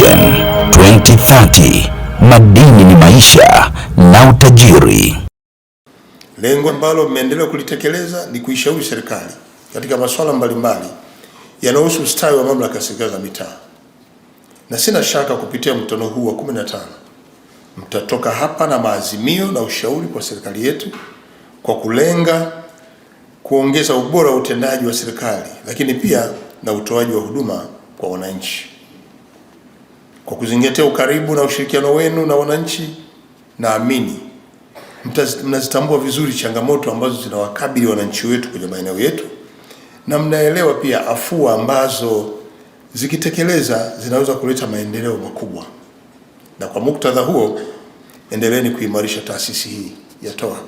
Vision 2030 madini ni maisha na utajiri. Lengo ambalo mmeendelea kulitekeleza ni kuishauri serikali katika masuala mbalimbali yanayohusu ustawi wa mamlaka ya serikali za mitaa, na sina shaka kupitia mkutano huu wa 15 mtatoka hapa na maazimio na ushauri kwa serikali yetu kwa kulenga kuongeza ubora wa utendaji wa serikali, lakini pia na utoaji wa huduma kwa wananchi. Kwa kuzingatia ukaribu na ushirikiano wenu na wananchi, naamini mnazitambua vizuri changamoto ambazo zinawakabili wananchi wetu kwenye maeneo yetu, na mnaelewa pia afua ambazo zikitekeleza zinaweza kuleta maendeleo makubwa. Na kwa muktadha huo, endeleeni kuimarisha taasisi hii ya TOA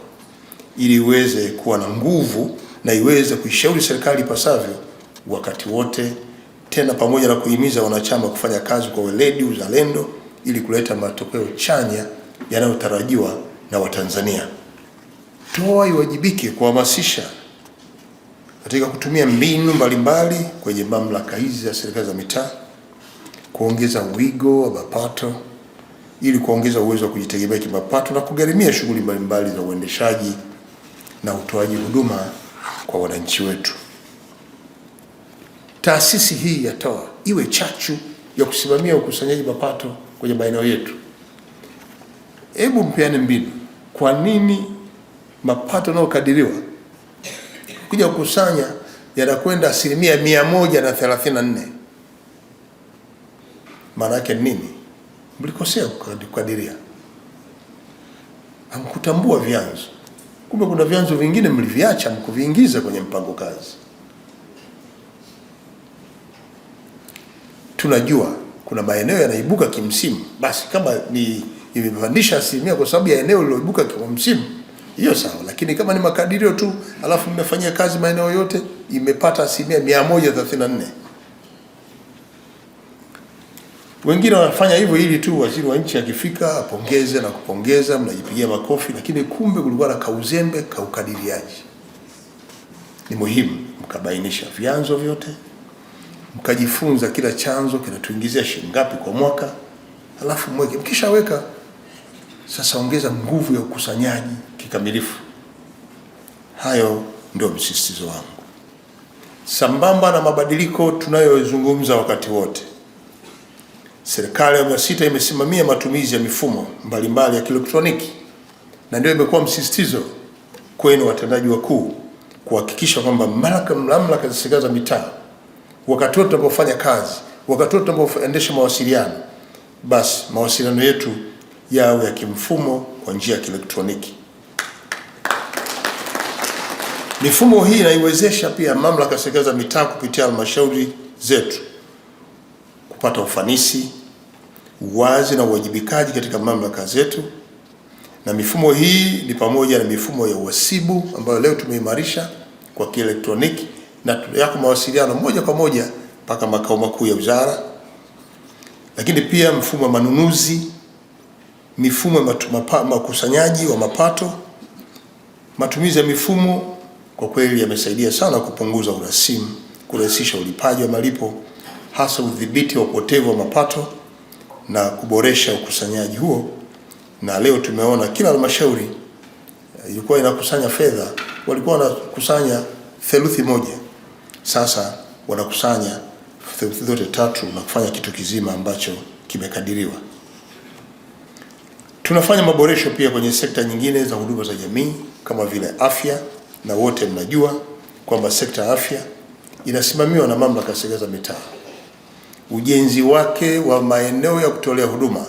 ili iweze kuwa na nguvu na iweze kuishauri serikali ipasavyo wakati wote tena pamoja na kuhimiza wanachama kufanya kazi kwa weledi, uzalendo ili kuleta matokeo chanya yanayotarajiwa na Watanzania. TOA iwajibike kuhamasisha katika kutumia mbinu mbalimbali kwenye mamlaka hizi za serikali za mitaa kuongeza wigo wa mapato ili kuongeza uwezo wa kujitegemea kimapato na kugharimia shughuli mbalimbali za uendeshaji na utoaji huduma kwa wananchi wetu. Taasisi hii ya TOA iwe chachu ya kusimamia ukusanyaji mapato kwenye maeneo yetu. Hebu mpeane mbinu, kwa nini mapato yanayokadiriwa kuja kukusanya yanakwenda asilimia mia moja na thelathini na nne? Maana yake nini? Mlikosea kukadiria, hamkutambua vyanzo. Kumbe kuna vyanzo vingine mliviacha, mkuviingiza kwenye mpango kazi. tunajua kuna maeneo yanaibuka kimsimu, basi kama ni imepandisha asilimia kwa sababu ya eneo lililoibuka kwa msimu, hiyo sawa. Lakini kama ni makadirio tu, alafu mmefanyia kazi maeneo yote, imepata asilimia mia moja thelathini na nne. Wengine wanafanya hivyo ili tu waziri wa nchi akifika apongeze na kupongeza, mnajipigia makofi, lakini kumbe kulikuwa na kauzembe kaukadiriaji. Ni muhimu mkabainisha vyanzo vyote mkajifunza kila chanzo kinatuingizia shilingi ngapi kwa mwaka, alafu mweke. Mkishaweka sasa, ongeza nguvu ya ukusanyaji kikamilifu. Hayo ndio msisitizo wangu, sambamba na mabadiliko tunayozungumza wakati wote. Serikali ya awamu ya sita imesimamia matumizi ya mifumo mbalimbali mbali ya kielektroniki na ndio imekuwa msisitizo kwenu watendaji wakuu kuhakikisha kwamba mamlaka za serikali za mitaa wakati wote tunapofanya kazi, wakati wote tunapoendesha mawasiliano, basi mawasiliano yetu yawe ya kimfumo kwa njia ya kielektroniki. Mifumo hii inaiwezesha pia mamlaka ya serikali za mitaa kupitia halmashauri zetu kupata ufanisi, uwazi na uwajibikaji katika mamlaka zetu, na mifumo hii ni pamoja na mifumo ya uhasibu ambayo leo tumeimarisha kwa kielektroniki na yako mawasiliano moja kwa moja mpaka makao makuu ya wizara, lakini pia mfumo wa manunuzi, mifumo ya makusanyaji wa mapato. Matumizi ya mifumo kwa kweli yamesaidia sana kupunguza urasimu, kurahisisha ulipaji wa malipo, hasa udhibiti wa upotevu wa mapato na kuboresha ukusanyaji huo. Na leo tumeona kila halmashauri eh, ilikuwa inakusanya fedha, walikuwa wanakusanya theluthi moja sasa wanakusanya theluthi zote tatu na kufanya kitu kizima ambacho kimekadiriwa. Tunafanya maboresho pia kwenye sekta nyingine za huduma za jamii kama vile afya, na wote mnajua kwamba sekta ya afya inasimamiwa na mamlaka ya serikali za mitaa. Ujenzi wake wa maeneo ya kutolea huduma,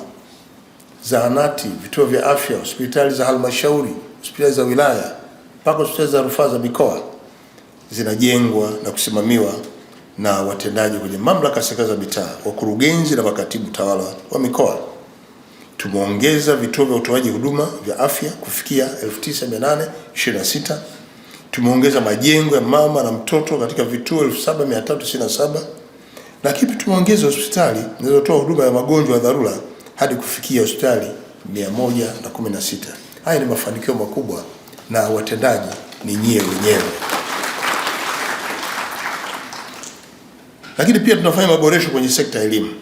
zahanati, vituo vya afya, hospitali za halmashauri, hospitali za wilaya mpaka hospitali za rufaa za mikoa zinajengwa na kusimamiwa na watendaji kwenye mamlaka ya serikali za mitaa, wakurugenzi na makatibu tawala wa mikoa. Tumeongeza vituo vya utoaji huduma vya afya kufikia 9826. Tumeongeza majengo ya mama na mtoto katika vituo 7397 na kipi, tumeongeza hospitali zinazotoa huduma ya magonjwa ya dharura hadi kufikia hospitali 116. Haya ni mafanikio makubwa na watendaji ni nyie wenyewe. Lakini pia tunafanya maboresho kwenye sekta ya elimu.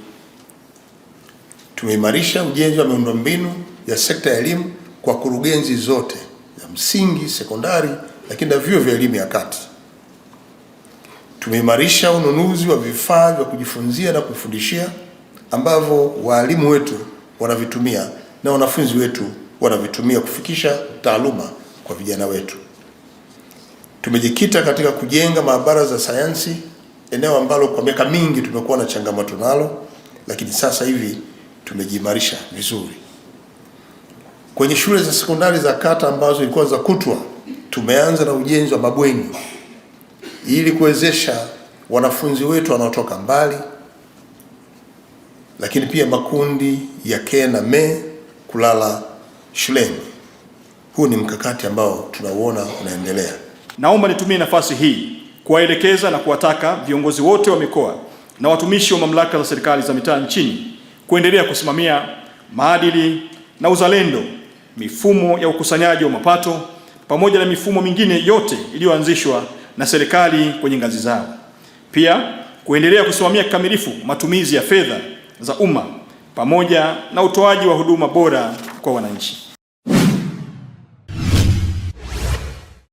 Tumeimarisha ujenzi wa miundombinu ya sekta ya elimu kwa kurugenzi zote ya msingi, sekondari, lakini na vyuo vya elimu ya kati. Tumeimarisha ununuzi wa vifaa vya kujifunzia na kufundishia ambavyo waalimu wetu wanavitumia na wanafunzi wetu wanavitumia kufikisha taaluma kwa vijana wetu. Tumejikita katika kujenga maabara za sayansi eneo ambalo kwa miaka mingi tumekuwa na changamoto nalo, lakini sasa hivi tumejiimarisha vizuri. Kwenye shule za sekondari za kata ambazo ilikuwa za kutwa, tumeanza na ujenzi wa mabweni ili kuwezesha wanafunzi wetu wanaotoka mbali, lakini pia makundi ya ke na me kulala shuleni. Huu ni mkakati ambao tunauona unaendelea. Naomba nitumie nafasi hii kuwaelekeza na kuwataka viongozi wote wa mikoa na watumishi wa mamlaka za serikali za mitaa nchini kuendelea kusimamia maadili na uzalendo, mifumo ya ukusanyaji wa mapato pamoja na mifumo mingine yote iliyoanzishwa na serikali kwenye ngazi zao. Pia kuendelea kusimamia kikamilifu matumizi ya fedha za umma pamoja na utoaji wa huduma bora kwa wananchi.